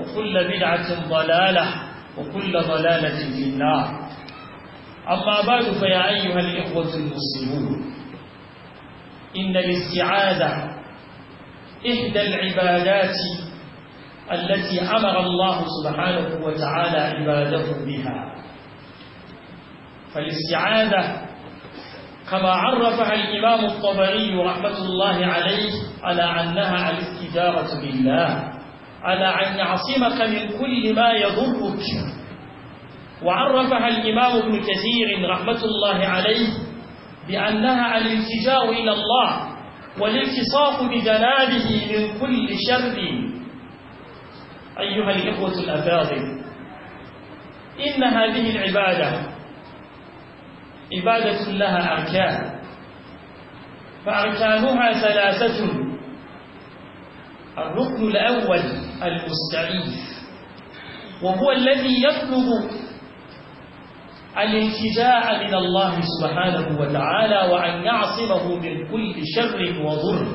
وكل بدعة ضلالة وكل ضلالة في النار أما بعد فيا أيها الإخوة المسلمون إن الاستعاذة إحدى العبادات التي أمر الله سبحانه وتعالى عباده بها فالاستعاذة كما عرفها الإمام الطبري رحمة الله عليه على أنها الاستجارة بالله على أن يعصمك من كل ما يضرك وعرفها الإمام ابن كثير رحمة الله عليه بأنها الالتجاء إلى الله والالتصاق بجلاله من كل شر أيها الإخوة الأفاضل إن هذه العبادة عبادة لها أركان فأركانها ثلاثة الركن الأول المستعيذ وهو الذي يطلب الالتجاء من الله سبحانه وتعالى وأن يعصمه من كل شر وضر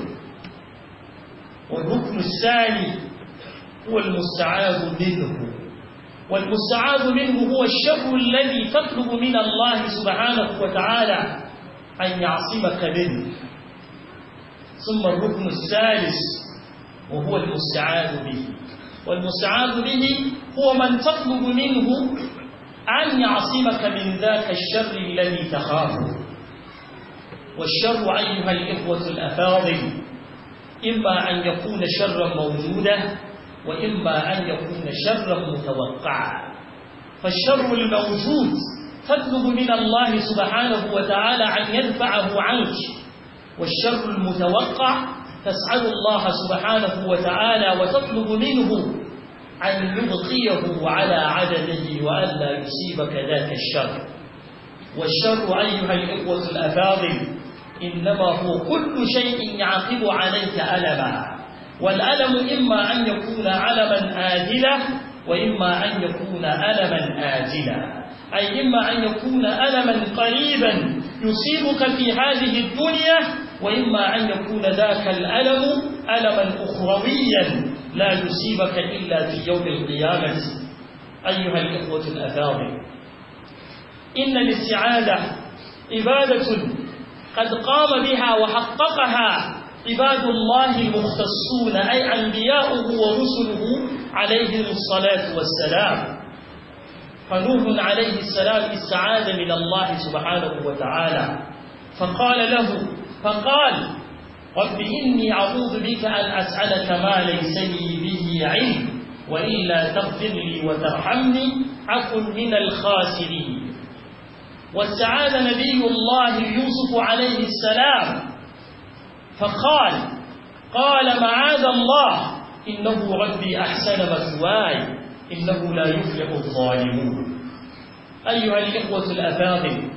والركن الثاني هو المستعاذ منه والمستعاذ منه هو الشر الذي تطلب من الله سبحانه وتعالى أن يعصمك منه ثم الركن الثالث وهو المستعاذ به والمستعاذ به هو من تطلب منه أن يعصمك من ذاك الشر الذي تخافه والشر أيها الإخوة الأفاضل إما أن يكون شرا موجودا وإما أن يكون شرا متوقعا فالشر الموجود تطلب من الله سبحانه وتعالى أن يدفعه عنك والشر المتوقع تسأل الله سبحانه وتعالى وتطلب منه أن يبقيه على عدده وألا يصيبك ذاك الشر والشر أيها الإخوة الأفاضل إنما هو كل شيء يعقب عليك ألما والألم إما أن يكون ألما آجلا وإما أن يكون ألما آجلا أي إما أن يكون ألما قريبا يصيبك في هذه الدنيا وإما أن يكون ذاك الألم ألما أخرويا لا يصيبك إلا في يوم القيامة أيها الإخوة الأفاضل إن الاستعادة عبادة قد قام بها وحققها عباد الله المختصون أي أنبياؤه ورسله عليهم الصلاة والسلام فنوح عليه السلام استعاذ من الله سبحانه وتعالى فقال له فقال رب إني أعوذ بك أن أسألك ما ليس لي به علم وإلا تغفر لي وترحمني أكن من الخاسرين واستعاذ نبي الله يوسف عليه السلام فقال قال معاذ الله إنه ربي أحسن مثواي إنه لا يفلح الظالمون أيها الإخوة الأفاضل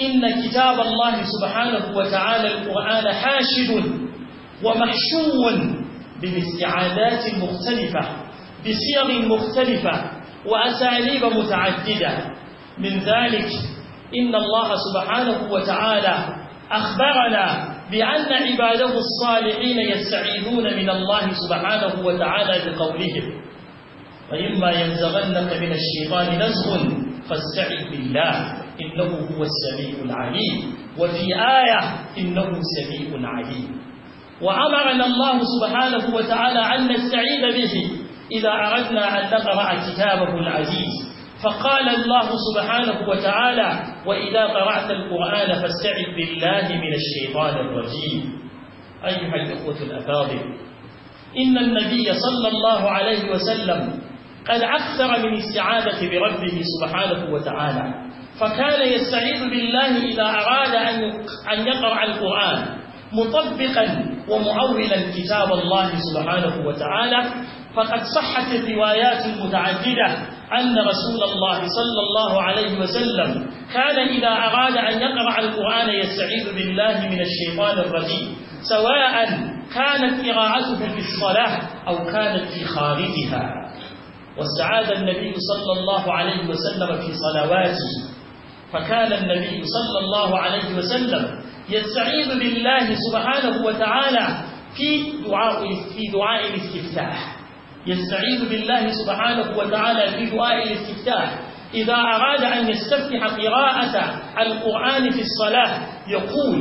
إن كتاب الله سبحانه وتعالى القرآن حاشد ومحشو بالاستعادات المختلفة بصيغ مختلفة وأساليب متعددة من ذلك إن الله سبحانه وتعالى أخبرنا بأن عباده الصالحين يستعيذون من الله سبحانه وتعالى بقولهم وإما ينزغنك من الشيطان نزغ فاستعذ بالله إنه هو السميع العليم وفي آية إنه سميع عليم وأمرنا الله سبحانه وتعالى أن نستعين به إذا أردنا أن نقرأ كتابه العزيز فقال الله سبحانه وتعالى وإذا قرأت القرآن فاستعذ بالله من الشيطان الرجيم أيها الإخوة الأفاضل إن النبي صلى الله عليه وسلم قد أكثر من استعاذة بربه سبحانه وتعالى فكان يستعيذ بالله إذا أراد أن يقرأ القرآن مطبقا ومعولا كتاب الله سبحانه وتعالى فقد صحت الروايات المتعددة أن رسول الله صلى الله عليه وسلم كان إذا أراد أن يقرأ القرآن يستعيذ بالله من الشيطان الرجيم سواء كانت قراءته في الصلاة أو كانت في خارجها واستعاذ النبي صلى الله عليه وسلم في صلواته فكان النبي صلى الله عليه وسلم يستعيذ بالله سبحانه وتعالى في دعاء في دعاء الاستفتاح يستعيذ بالله سبحانه وتعالى في دعاء الاستفتاح إذا أراد أن يستفتح قراءة القرآن في الصلاة يقول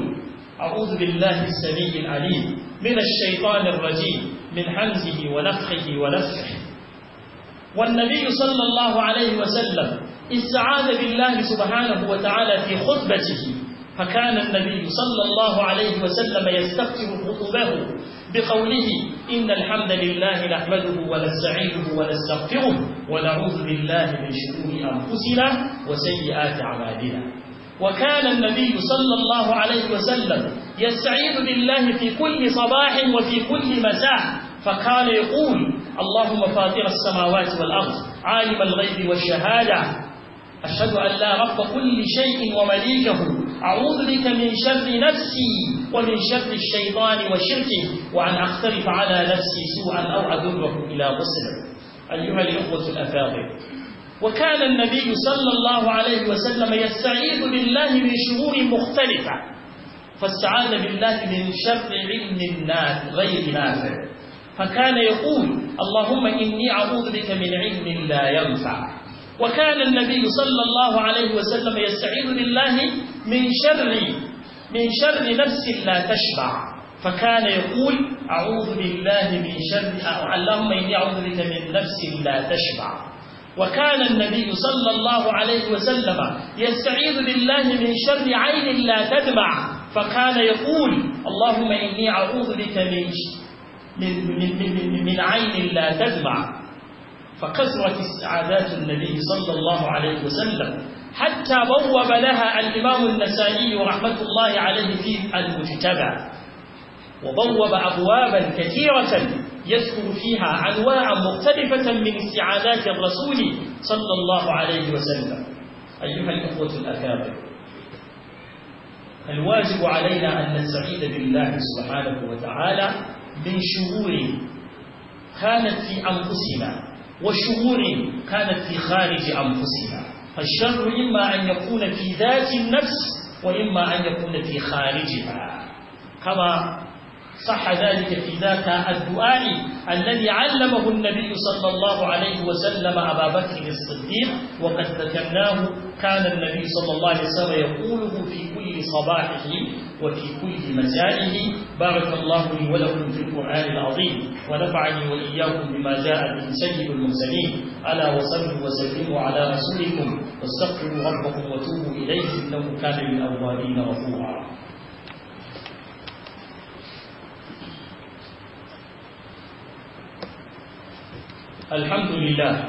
أعوذ بالله السميع العليم من الشيطان الرجيم من حمزه ونفخه ونفخه والنبي صلى الله عليه وسلم استعاذ بالله سبحانه وتعالى في خطبته فكان النبي صلى الله عليه وسلم يستفتح خطبه بقوله إن الحمد لله نحمده ونستعينه ونستغفره ونعوذ بالله من شرور أنفسنا وسيئات أعمالنا وكان النبي صلى الله عليه وسلم يستعيذ بالله في كل صباح وفي كل مساء فكان يقول اللهم فاطر السماوات والأرض عالم الغيب والشهادة أشهد أن لا رب كل شيء ومليكه أعوذ بك من شر نفسي ومن شر الشيطان وشركه وأن أقترف على نفسي سوءا أو أذره إلى مسلم أيها الإخوة الأفاضل وكان النبي صلى الله عليه وسلم يستعيذ بالله من شرور مختلفة فاستعاذ بالله من شر علم غير نافع فكان يقول اللهم إني أعوذ بك من علم لا ينفع وكان النبي صلى الله عليه وسلم يستعيذ بالله من شر من شر نفس لا تشبع فكان يقول أعوذ بالله من شر اللهم إني أعوذ بك من نفس لا تشبع وكان النبي صلى الله عليه وسلم يستعيذ بالله من شر عين لا تدمع فكان يقول اللهم إني أعوذ بك من من, من, من, من عين لا تدمع فكثرت استعاذات النبي صلى الله عليه وسلم حتى بوب لها الإمام النسائي رحمة الله عليه في المجتبى وبوب أبوابا كثيرة يذكر فيها أنواعا مختلفة من استعادات الرسول صلى الله عليه وسلم أيها الأخوة الأكابر الواجب علينا أن نستعيذ بالله سبحانه وتعالى من شرور كانت في أنفسنا وشعور كانت في خارج أنفسها فالشر إما أن يكون في ذات النفس وإما أن يكون في خارجها كما صح ذلك في ذاك الدعاء الذي علمه النبي صلى الله عليه وسلم أبا بكر الصديق وقد ذكرناه كان النبي صلى الله عليه وسلم يقوله في كل صباحه وفي كل مسائه بارك الله لي ولكم في القرآن العظيم ونفعني وإياكم بما جاء به سيد المرسلين ألا وصلوا وسلموا على رسولكم واستغفروا ربكم وتوبوا إليه إنه كان للأوابين غفورا الحمد لله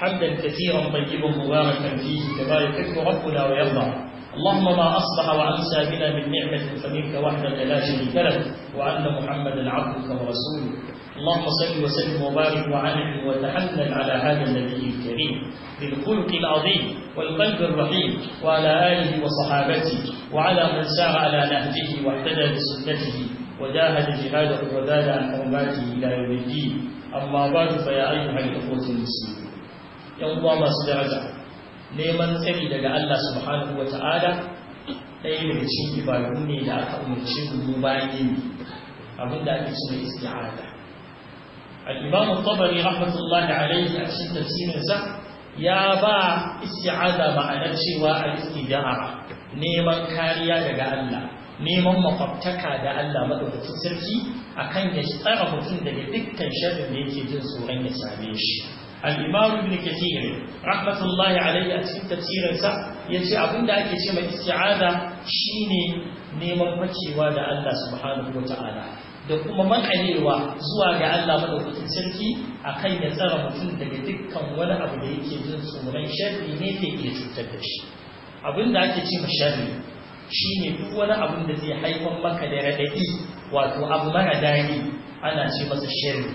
حمدا كثيرا طيبا مباركا فيه كما يحب ربنا ويرضى اللهم ما اصبح وامسى بنا من نعمه فمنك وحدك لا شريك لك وان محمدا عبدك ورسولك اللهم صل وسلم وبارك وعنه وتحنن على هذا النبي الكريم بالخلق العظيم والقلب الرحيم وعلى اله وصحابته وعلى من سار على نهجه واهتدى بسنته وجاهد جهاده وزاد عن حرماته إلى يوم الدين أما بعد فيا أيها الأخوة المسلمون ‘yan uwa masu daraja neman tsari daga Allah subhanahu wa ta'ala ɗaya daga cikin ibadu ne da aka umarci mu bayan yini abinda ake cewa isti'ada al-imam tabari rahmatullahi alayhi a cikin tafsirinsa ya ba isti'ada ma'anar cewa al-istijara neman kariya daga Allah neman makwabtaka da Allah maɗaukacin sarki akan ya tsara mutum daga dukkan sharrin da yake jin tsoron ya same shi al-imam ibn kathir rahmatullahi alayhi a cikin tafsirinsa ce abin da ake ce mai shi shine neman macewa da Allah subhanahu wata'ala da kuma makalewa zuwa ga Allah maɗaukacin sarki akan ya tsara mutum daga dukkan wani abu da yake jin tsoron sharri ne ke iya cutar da shi abin da ake ce sharri Shi ne duk wani abin da zai haifar maka da raɗaɗi wato abu mara daɗi ana ce masa sharri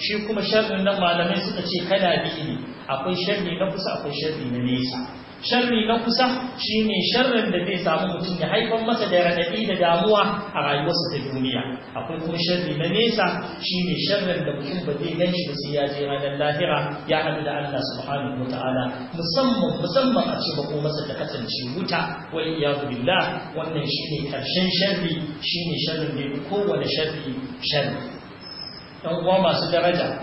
shi kuma sharrin nan malamai suka ce kana biyu ne akwai sharri na kusa akwai sharri na nesa sharri na kusa shine sharrin da zai samu mutum ya haifar masa da raɗaɗi da damuwa a rayuwarsa ta duniya akwai kuma sharri na nesa shine sharrin da mutum ba zai gan shi ba sai ya je ranar lahira ya haɗu da Allah subhanahu wataala musamman musamman a ce bako masa da kasance wuta wal iyadu billah wannan shine karshen sharri shine sharrin da kowane sharri sharri dan uwa masu daraja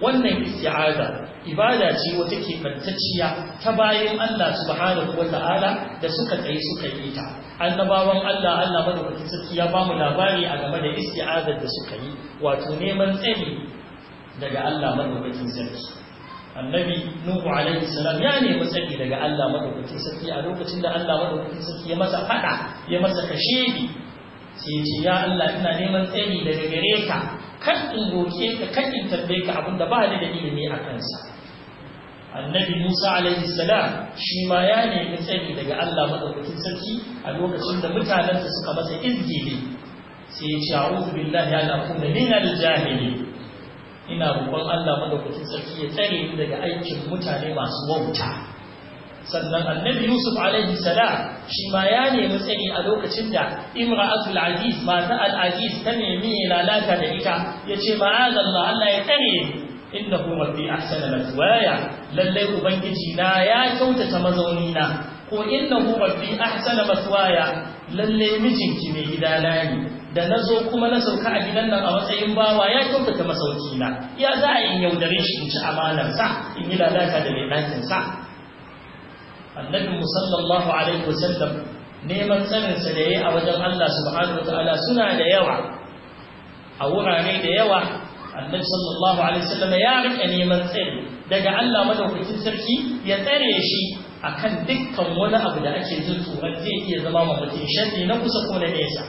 wannan isti'aza ibada ce wata keɓantacciya ta bayan Allah subhanahu wa ta'ala da suka tsaye suka yi ta annabawan Allah Allah madaukakin sarki ya bamu labari a game da isti'azar da suka yi wato neman tsari daga Allah madaukakin sarki annabi nuhu alaihi salam ya nemi tsari daga Allah madaukakin sarki a lokacin da Allah madaukakin sarki ya masa fada ya masa kashedi sai ce ya Allah ina neman tsari daga gare ka kan in roke ka kan in tambaye ka abin da ba ni da ilimi a kansa annabi Musa alaihi salam shi ma ya nemi tsari daga Allah madaukakin sarki a lokacin da mutanensa suka masa izgili sai ya ce a'udhu billahi ala kunna min al-jahili ina roƙon Allah madaukakin sarki ya tsare ni daga aikin mutane masu wauta sannan annabi Yusuf alaihi salam shi ma ya nemi tsari a lokacin da imra'atul aziz mata al-aziz ta nemi lalata da ita ya ce ma'azallah Allah ya tsare ni innahu rabbi ahsana maswaya lallai ubangiji na ya kyautata mazauni na ko innahu rabbi ahsana lallai mijinki gida na ne da na zo kuma na sauka a gidan nan a matsayin bawa ya kyautata masauki na ya za a yi yaudare shi in ci amanarsa in yi lalata da mai ɗakin sa annabi musallallahu alaihi wasallam neman tsarinsa da ya yi a wajen Allah subhanahu wa ta'ala suna da yawa a wurare da yawa annabi sallallahu alaihi wasallam ya rika neman tsari daga Allah madaukakin sarki ya tsare shi akan dukkan wani abu da ake jin tsoron zai iya zama mutum sharri na kusa ko na nesa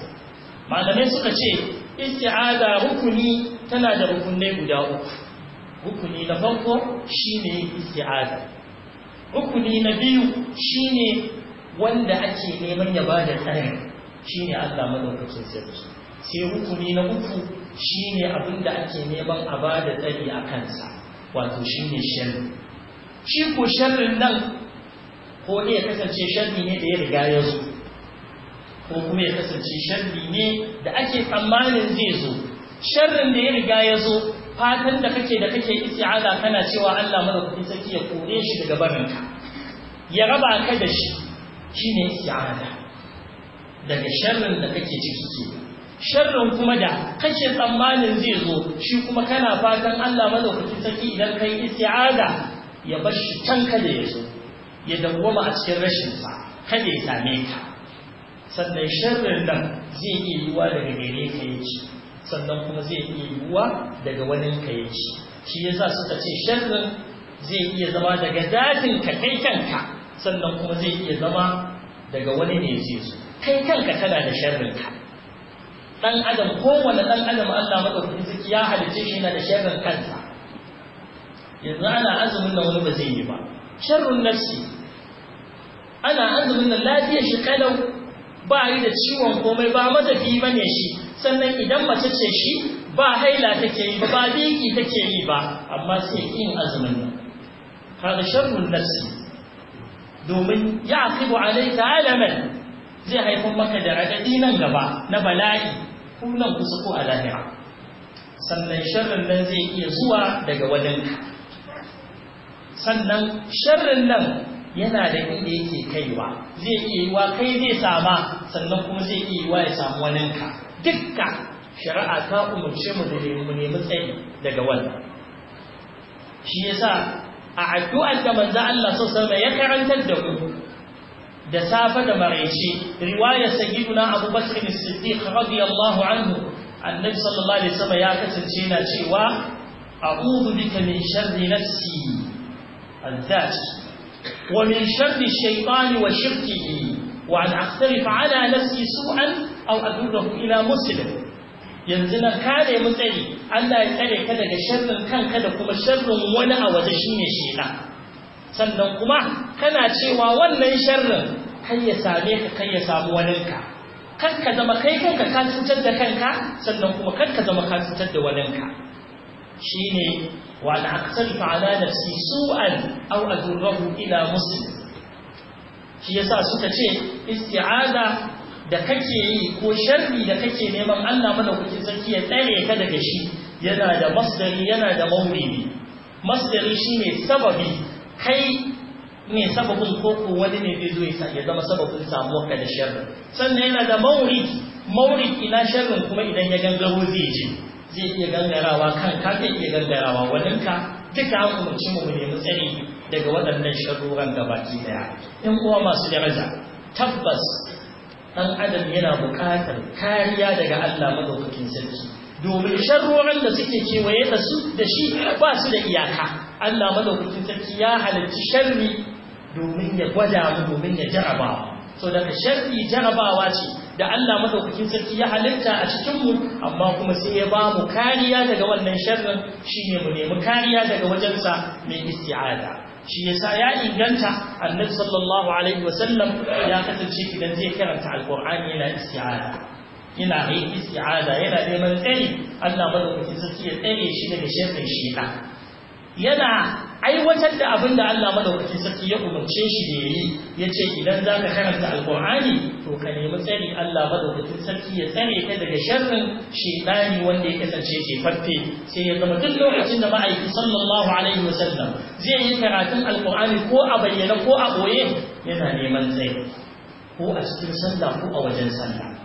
malamai suka ce isti'aza rukuni tana da rukunai guda uku rukuni na farko shine isti'aza rukuni na biyu shine wanda ake neman ya bada tsari shine Allah madaukakin sarki sai rukuni na uku shi ne abin da ake neman a ba da tsari a kansa wato shi ne sharri shi ko sharrin nan ko ne ya kasance sharri ne da ya riga ya zo ko kuma ya kasance sharri ne da ake tsammanin zai zo sharrin da ya riga ya zo fatan da kake da kake isti'aza kana cewa Allah kudi saki ya kore shi daga barinka ya raba ka da shi shine isti'aza daga sharrin da kake ciki sharrin kuma da kashe tsammanin zai zo shi kuma kana fatan Allah madaukakin sarki idan kai isti'aza ya bar shi can kada ya zo ya dawwama a cikin sa kada ya same ka sannan sharrin nan zai iya yiwuwa daga gare ka yake sannan kuma zai iya yiwuwa daga wani ka yake shi yasa suka ce sharrin zai iya zama daga dadin ka kai kanka sannan kuma zai iya zama daga wani ne zai zo kai kanka kana da sharrin ka Ɗan adam kowane ɗan adam Allah madaukakin ciki ya halice shi yana da sharrin kansa yanzu ana azumin da wani ba zai yi ba sharrun nafsi ana azumin da lafiyar shi kalau ba yi da ciwon komai ba matafi ne shi sannan idan mace ce shi ba haila take yi ba ba biki take yi ba amma sai kin azumin nan kaga nafsi domin ya aqibu alayka alaman zai haifar maka da radadi nan gaba na bala'i ko nan kusa ko a lahira sannan sharrin nan zai iya zuwa daga wajenka sannan sharrin nan yana da inda yake kaiwa zai iya yiwa kai zai sama sannan kuma zai iya yiwa ya samu ka dukka shari'a ta umarce mu da mu nemi tsayi daga wannan shi yasa a addu'ar da manzo Allah sallallahu alaihi ya karantar da mu da safe da maraice riwaya sayyiduna abu bakr bin siddiq radiyallahu anhu annabi sallallahu alaihi wasallam ya kasance yana cewa a'udhu bika min sharri nafsi al-dhat wa min sharri shaytani wa shirkihi wa an akhtarifa ala nafsi su'an aw adurruhu ila muslim yanzu na kare mu tsari Allah ya tsare ka daga sharrin kanka da kuma sharrin wani a waje shine shaytan sannan kuma kana cewa wannan sharrin kan ya same ka kan ya samu waninka Kan ka zama kai kanka ka cutar da kanka sannan kuma kan ka zama ka cutar da waninka shine wa an aqsadu ala nafsi su'an aw adurruhu ila muslim shi yasa suka ce isti'ada da kake yi ko sharri da kake neman Allah madaukakin sarki ya tsare ka daga shi yana da masdari yana da mauridi masdari shine sababi kai ne sababin koko wani ne bai zo ya zama sababin samuwar ka da sharri sannan yana da maurid maurid ina sharrin kuma idan ya gangaro zai je zai iya gangarawa kan ka zai iya gangarawa wannan ka duka an umarci mu mu nemi daga waɗannan sharruran da baki daya in uwa masu daraja tabbas dan adam yana buƙatar kariya daga Allah madaukakin sarki domin sharrorin da suke kewaye da su da shi ba su da iyaka Allah madaukakin sarki ya halarci sharri domin ya gwada mu domin ya jarabawa so daga sharri jarabawa ce da Allah madaukakin sarki ya halitta a cikin mu amma kuma sai ya ba mu kariya daga wannan sharrin shine mu nemi kariya daga wajensa mai isti'ada shi yasa ya inganta annabi sallallahu alaihi wasallam ya kasance idan zai karanta alqur'ani yana isti'ada yana yin isti'aza yana neman tsari Allah madaukakin sarki ya tsare shi daga sharrin shaytan yana aiwatar da abin da Allah madaukakin sarki ya umarce shi da yayi yace idan zaka karanta alqur'ani to ka nemi tsari Allah madaukakin sarki ya tsare ka daga sharrin shaytani wanda ya kasance ke farfe sai ya zama duk lokacin da ma'aiki sallallahu alaihi wasallam zai yi karatun alqur'ani ko a bayyana ko a boye yana neman tsari ko a cikin sallah ko a wajen sallah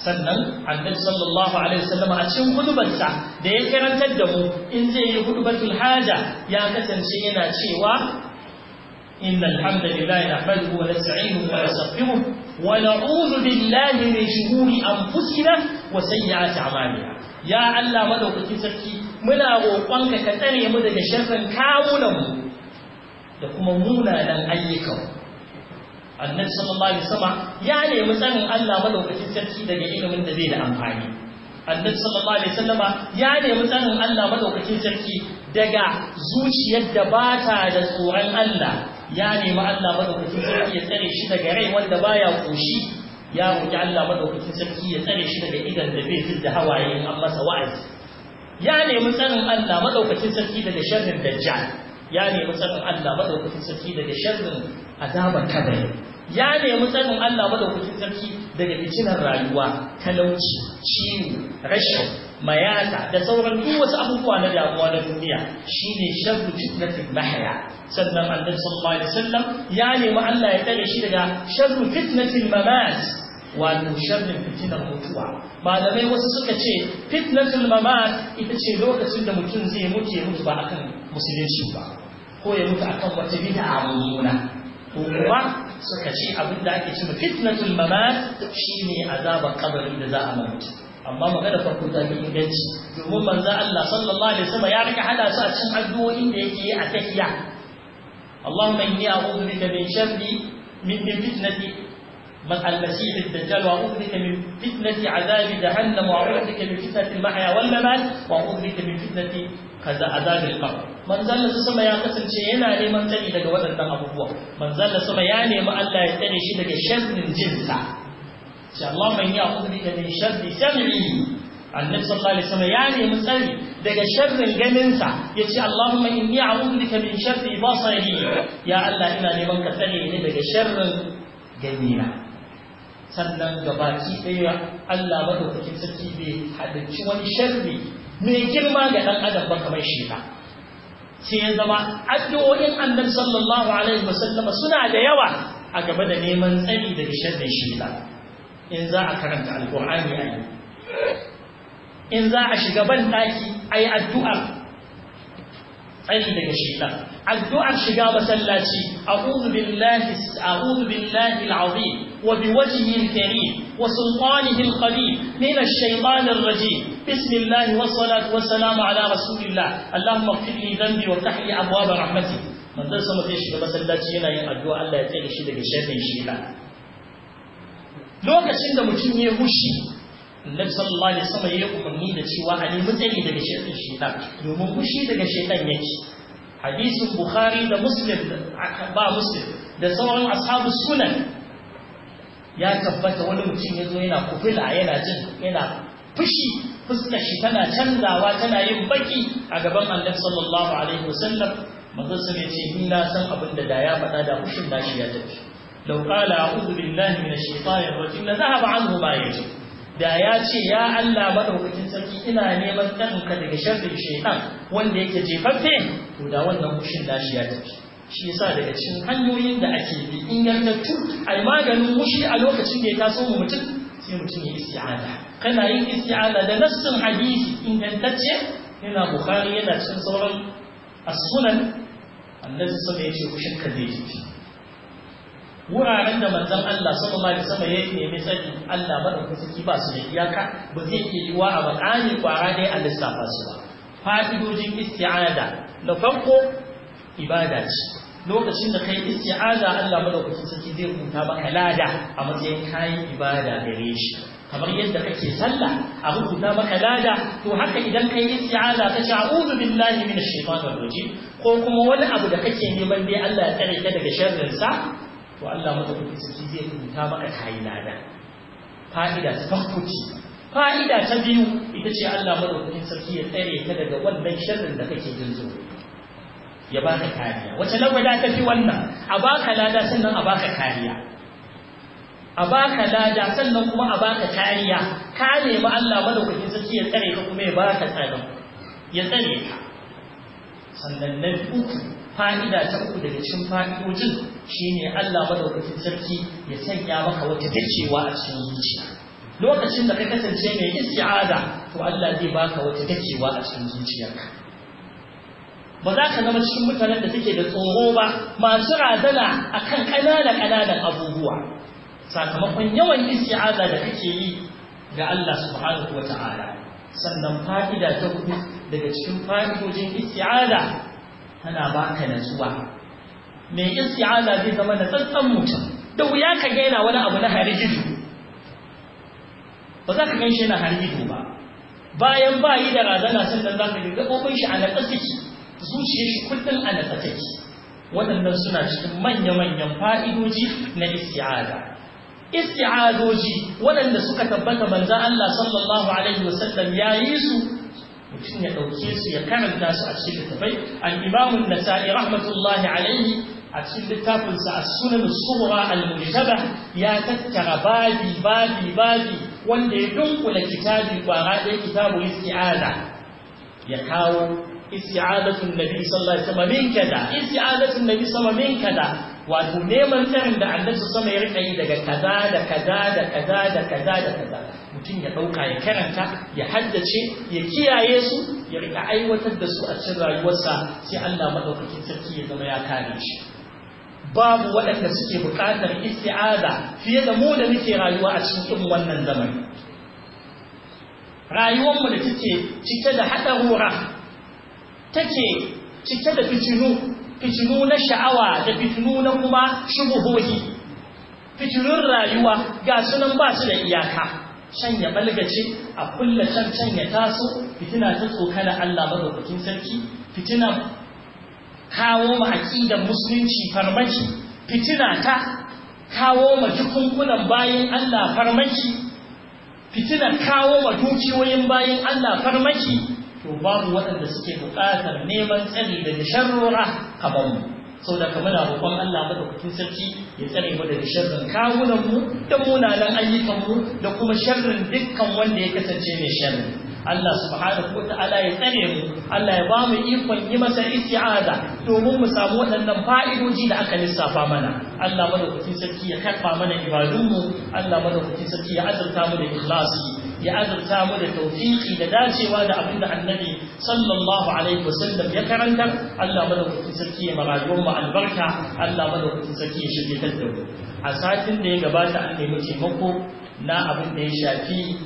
sannan annabi sallallahu alaihi wasallam a cikin hudubarsa da ya karantar da mu in zai yi hudubatul haja ya kasance yana cewa innal hamdalillah nahmaduhu wa nasta'inuhu wa nastaghfiruh wa na'udhu billahi min shururi anfusina wa sayyiati a'malina ya Allah madaukaki sarki muna roƙonka ka tsare mu daga sharrin kawunan mu da kuma muna ayyukan ayyukanmu. annabi sallallahu alaihi wasallam ya nemi tsarin Allah madaukakin sarki daga ilimin da zai da amfani annabi sallallahu alaihi wasallam ya nemi tsarin Allah madaukakin sarki daga zuciyar da ba ta da tsoron Allah ya nemi Allah madaukakin sarki ya tsare shi daga rai wanda baya koshi ya roki Allah madaukakin sarki ya tsare shi daga idan da bai fidda hawaye an masa wa'azi ya nemi tsarin Allah madaukakin sarki daga sharrin dajjal ya nemi tsarin Allah madaukakin sarki daga sharrin azabar kabari ya nemi tsarin Allah madaukakin sarki daga fitinar rayuwa talauci ciwo rashin mayata da sauran duk wasu abubuwa na damuwa na duniya shine sharru fitnatul mahya sannan annabi sallallahu alaihi wasallam ya nemi Allah ya tsare shi daga sharru fitnatul mamat wato sharrin fitinar mutuwa malamai wasu suka ce fitnatul mamat ita ce lokacin da mutum zai mutu ya mutu ba akan musulunci ba ko ya mutu akan wata bid'a mummuna ko kuma suka ce abin da ake cewa fitnatul mamat shine azabar kabarin da za a mutu amma magana farko ta fi inganci domin manzo Allah sallallahu alaihi wasallam ya rika hada su a cikin addu'o'in da yake a tafiya اللهم إني أعوذ بك من شر من فتنة المسيح الدجال وأعوذ من فتنة عذاب جهنم وأعوذ من فتنة المحيا والممات وأعوذ من فتنة عذاب القبر من زال سما يا قسم شينا لي من تني daga wadannan abubuwa man zalla sama ya nemi Allah ya tsare shi daga sharrin jinsa sai a man ya a'udhu bika min sharri sam'i ya nemi tsari daga sharrin ganinsa yace Allahumma inni a'udhu bika min sharri basari ya Allah ina neman ka tsare daga sharrin ganina sannan gabaki ɗaya Allah madaukakin sarki bai halarci wani sharri mai girma ga ɗan adam ba kamar shi ba sai ya zama addu'o'in annabi sallallahu alaihi wasallama suna da yawa a gaba da neman tsari daga sharrin shi ba in za a karanta alqur'ani a yi in za a shiga ban ɗaki a yi addu'a عند كشيلة الدعاء شجابة التي أعوذ بالله أعوذ بالله العظيم وبوجهه الكريم وسلطانه القديم من الشيطان الرجيم بسم الله والصلاة والسلام على رسول الله اللهم اغفر لي ذنبي وافتح لي أبواب رحمتك من درس ما فيش شجابة التي هنا الدعاء لا يتعيش شجابة شجابة لو كشيلة متنية مشي annabi sallallahu alaihi wasallam ya umarni da cewa a nemi tsari daga shaitan shaitan domin fushi daga shaitan yake hadisin bukhari da muslim ba muslim da sauran ashabu sunan ya tabbata wani mutum ya zo yana kufila yana jin yana fushi fuskar shi tana canzawa tana yin baki a gaban annabi sallallahu alaihi wasallam manzon sa ya ce ni na san abin da da ya faɗa da fushin shi ya tafi لو قال أعوذ بالله من الشيطان الرجيم لذهب عنه ما يجب da ya ce ya Allah madaukakin sarki ina neman ɗanka daga sharrin shaitan wanda yake jefaffe to da wannan mushin dashi ya tafi shi yasa daga cikin hanyoyin da ake bi in tu ai maganin mushi a lokacin da ya taso mu mutum sai mutum ya isti'ada kana yin isti'ada da nassin hadisi ingantacce yana bukhari yana cikin sauran as-sunan annabi sallallahu alaihi wasallam ya ce mushin ka zai wuraren da manzan Allah sallallahu da sama ya nemi tsari Allah madaukaki ba su da iyaka ba zai iya yiwa a bakani kwara dai a lissafa su ba fa'idojin isti'ada na farko ibada ce lokacin da kai isti'ada Allah madaukaki saki zai huta ba kalada a matsayin kayan ibada gare shi kamar yadda kake sallah a rubuta maka lada to haka idan kai isti'aza ka ce a'udhu billahi minash shaitanir rajim ko kuma wani abu da kake neman dai Allah ya tsare ka daga sharrin sa to Allah madaukakin sarki zai rubuta maka yi lada fa'ida ta farko fa'ida ta biyu ita ce Allah madaukakin sarki ya tsare ka daga wannan sharrin da kake jin zo ya baka kariya wace lagwada ta fi wannan a baka lada sannan a baka kariya a baka lada sannan kuma a baka kariya ka nemi Allah madaukakin sarki ya tsare ka kuma ya baka tsaron ya tsare ka sannan na uku fa'ida ta uku daga cikin fa'idojin shine Allah madaukakin sarki ya sanya maka wata dacewa a cikin zuciya lokacin da ka kasance mai isti'aza to Allah zai baka wata dacewa a cikin zuciyarka ba za ka zama cikin mutanen da suke da tsoro ba masu razana a kan ƙananan ƙananan abubuwa sakamakon yawan isti'aza da kake yi ga Allah subhanahu wa ta'ala sannan fa'ida ta hudu daga cikin fa'idojin isti'ada tana baka natsuwa mai isti'aza zai zama da tsantsan mutum da wuya ka gaina wani abu na harjitu. ba za ka ganshi yana harjitu ba bayan ba yi da razana sannan za ka ga gaɓoɓin shi a natsa take zuciyar shi kullum a natsa take waɗannan suna cikin manya-manyan fa'idoji na isti'aza isti'azoji waɗanda suka tabbata manzo Allah sallallahu alaihi wasallam ya su mutum ya ɗauke su ya karanta su a cikin littafai al'Imamun imamun nasa'i rahmatullahi alaihi a cikin littafinsa a sunan suwa al-mujtaba ya tattara babi babi babi wanda ya dunkula kitabi kwara ɗaya kitabu isti'aza ya kawo isti'adatun nabi sallallahu alaihi wasallam min kaza isti'adatun nabi sallallahu alaihi wasallam min kaza wato neman tsarin da annabi sama ya rika yi daga kaza da kaza da kaza da kaza da kaza mutum ya ɗauka ya karanta ya haddace ya kiyaye su ya rika aiwatar da su a cikin rayuwarsa sai Allah maɗaukakin sarki ya zama ya kare shi babu waɗanda suke buƙatar isti'aza fiye da mu da muke rayuwa a cikin wannan zamani rayuwarmu da take cike da haɗarura take cike da fitinu fitinu na sha'awa da fitinu na kuma shubuhohi fitinun rayuwa ga sunan ba su da iyaka can ya balgace a kulla can can ya taso fitina ta tsokana Allah madaukakin sarki fitina kawo ma aqidar musulunci farmaki fitina ta kawo ma jikunkunan bayan Allah farmaki fitina kawo ma dukiyoyin bayan Allah farmaki to babu waɗanda suke buƙatar neman tsari daga sharrura kaban mu saboda kamar da roƙon Allah madaukakin sarki ya tsare mu daga sharrin kawunan mu da munanan ayyukan mu da kuma sharrin dukkan wanda ya kasance mai sharri Allah subhanahu ko ta'ala ya tsare mu Allah ya ba mu ikon yi masa isti'aza domin mu samu waɗannan fa'idoji da aka lissafa mana Allah madaukakin sarki ya karɓa mana ibadunmu Allah madaukakin sarki ya azurta mu da ikhlasi ya azurta mu da taufiki da dacewa da abin da annabi sallallahu alaihi wasallam ya karantar Allah madaukakin sarki ya marayuwar mu albarka Allah madaukakin sarki ya shirye ta da a satin da ya gabata an nemi taimako na abin da ya shafi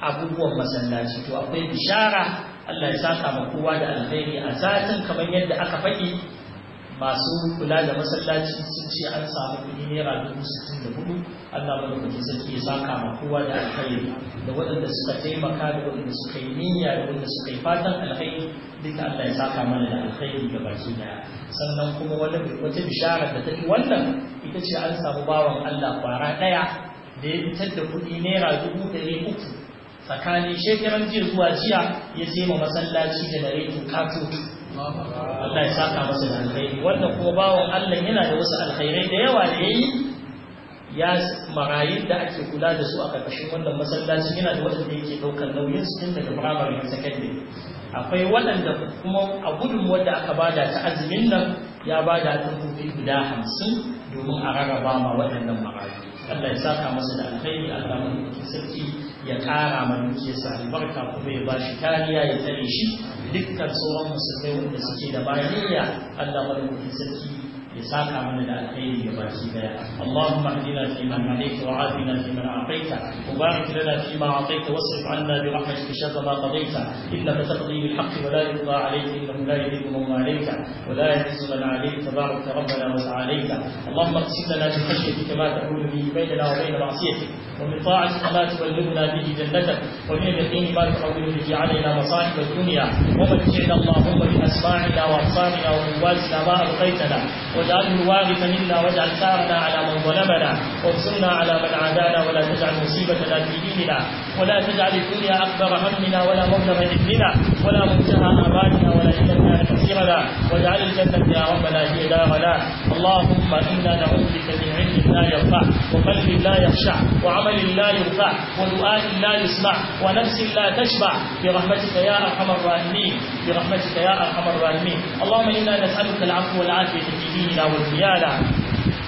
abubuwan masallaci to akwai bishara Allah ya saka ma kowa da alheri a satin kamar yadda aka faɗi masu kula da masallaci sun ce an samu kuɗi naira dubu sittin da hudu allah madaukakin sarki ya saka ma kowa da alkhairi da waɗanda suka taimaka da waɗanda suka yi niyya da waɗanda suka yi fatan alkhairi duka allah ya saka mana da alkhairi ga baki daya sannan kuma wata bishara da ta wannan ita ce an samu bawan allah kwara ɗaya da ya fitar da kuɗi naira dubu ɗari uku tsakanin shekaran jiya zuwa jiya ya je ma masallaci da naretin katoto Allah ya saka masa da alkhairi wannan kuma bawon Allah yana da wasu alkhairai da yawa da yayi ya marayu da ake kula da su a ƙarƙashin wannan masallaci yana da waɗanda yake ɗaukar nauyin su tun daga firamare na sakandare akwai waɗanda kuma a gudun da aka bada ta azumin nan ya bada ta guda hamsin domin a rarraba ma waɗannan marayu Allah ya saka masa da alkhairi Allah madaukakin sarki ya ƙara ma dukiyarsa albarka kuma ya bashi kariya ya tare shi dukkan sauran musulmai wanda suke da bayaniya Allah madaukakin sarki ya saka mana da ya baci daya allahumma hdina fi man hadaita wa afina fi man afaita wa barik lana fi ma afaita wa sif anna bi rahmatika sharra ma qadaita inna ka taqdi bil haqq wa la yudha alayka innahu la yudhibu man walayta wa la yahzu man alayka tabarak rabbana wa ta'alayka allahumma qsim lana bi khashyatika ma ta'ulu bi bainana wa bain ma'siyatik wa min ta'atik ma tuwallighna bi jannatik wa min yaqin ma ta'ulu bi alayna masaa'ib ad-dunya wa ma واجعله وارثا منا واجعل ثارنا على من ظلمنا وانصرنا على من عادانا ولا تجعل مصيبتنا في ديننا ولا تجعل الدنيا اكبر همنا ولا مبلغ علمنا ولا منتهى امالنا ولا الى النار مغفرنا واجعل الجنة يا ربنا هي دارنا اللهم إنا نعوذ بك من علم لا يرفع وقلب لا يخشع وعمل لا يرفع ودعاء لا يسمع ونفس لا تشبع برحمتك يا أرحم الراحمين برحمتك يا أرحم الراحمين اللهم إنا نسألك العفو والعافية في ديننا وديانا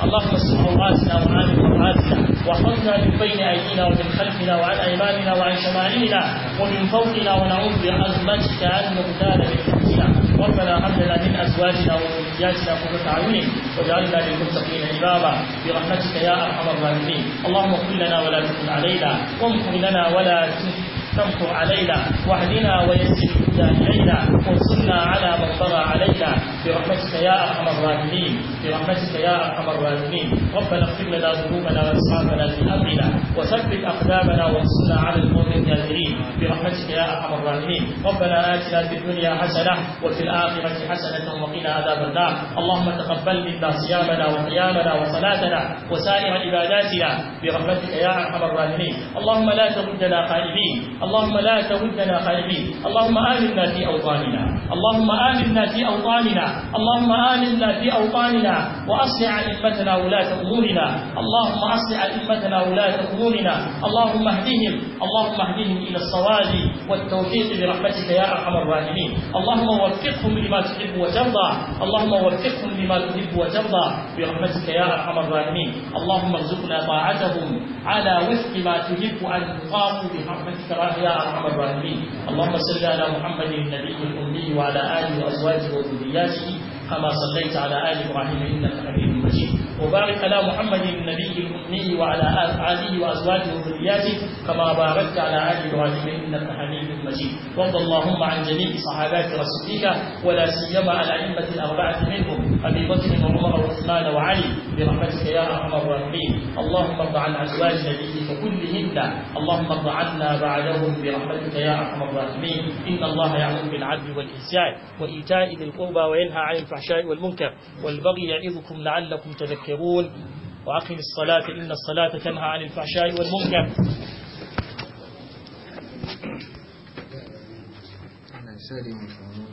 اللهم استر اوقاتنا وعن اوقاتنا واحفظنا من بين ايدينا ومن خلفنا وعن ايماننا وعن شمالنا ومن فوقنا ونعوذ بعظمتك ان نغتال من تحتنا ربنا هب لنا من ازواجنا وذرياتنا قرة اعين واجعلنا للمتقين اماما برحمتك يا ارحم الراحمين اللهم اغفر لنا ولا تكن علينا وامحو لنا ولا تمكر تمطر علينا واهدنا ويسر هدى وانصرنا على من طغى علينا برحمتك يا ارحم الراحمين برحمتك يا ارحم الراحمين ربنا اغفر لنا ذنوبنا واسرافنا في امرنا وثبت اقدامنا وانصرنا على القوم الكافرين برحمتك يا ارحم الراحمين ربنا اتنا في الدنيا حسنه وفي الاخره حسنه وقنا عذاب النار اللهم تقبل منا صيامنا وقيامنا وصلاتنا وسائر عباداتنا برحمتك يا ارحم الراحمين اللهم لا تردنا قائمين اللهم لا تودنا خائبين اللهم آمنا في أوطاننا اللهم آمنا في أوطاننا اللهم آمنا في أوطاننا وأصلح أئمتنا ولاة أمورنا اللهم أصلح أئمتنا ولاة أمورنا اللهم اهدهم اللهم اهدهم إلى الصواب والتوفيق برحمتك يا أرحم الراحمين اللهم وفقهم لما تحب وترضى اللهم وفقهم لما تحب وترضى برحمتك يا أرحم الراحمين اللهم ارزقنا طاعتهم على وفق ما تحب أن تطاق برحمتك الأرحام يا أرحم الراحمين اللهم صل على محمد النبي الأمي وعلى آله وأزواجه وذرياته كما صليت على آل إبراهيم إنك حميد مجيد وبارك على محمد النبي الأمي وعلى آله وأزواجه وذرياته كما باركت على آل إبراهيم إنك حميد مجيد وارض اللهم عن جميع صحابات رسولك ولا سيما على أئمة الأربعة منهم أبي بكر وعمر وعثمان وعلي برحمتك يا أرحم الراحمين اللهم ارض عن أزواج نبيك كلهن اللهم ارض عنا بعدهم برحمتك يا أرحم الراحمين إن الله يعلم بالعدل والإحسان وإيتاء ذي القربى وينهى عن الفحشاء الفحشاء والمنكر والبغي يعظكم لعلكم تذكرون وأقم الصلاة إن الصلاة تنهى عن الفحشاء والمنكر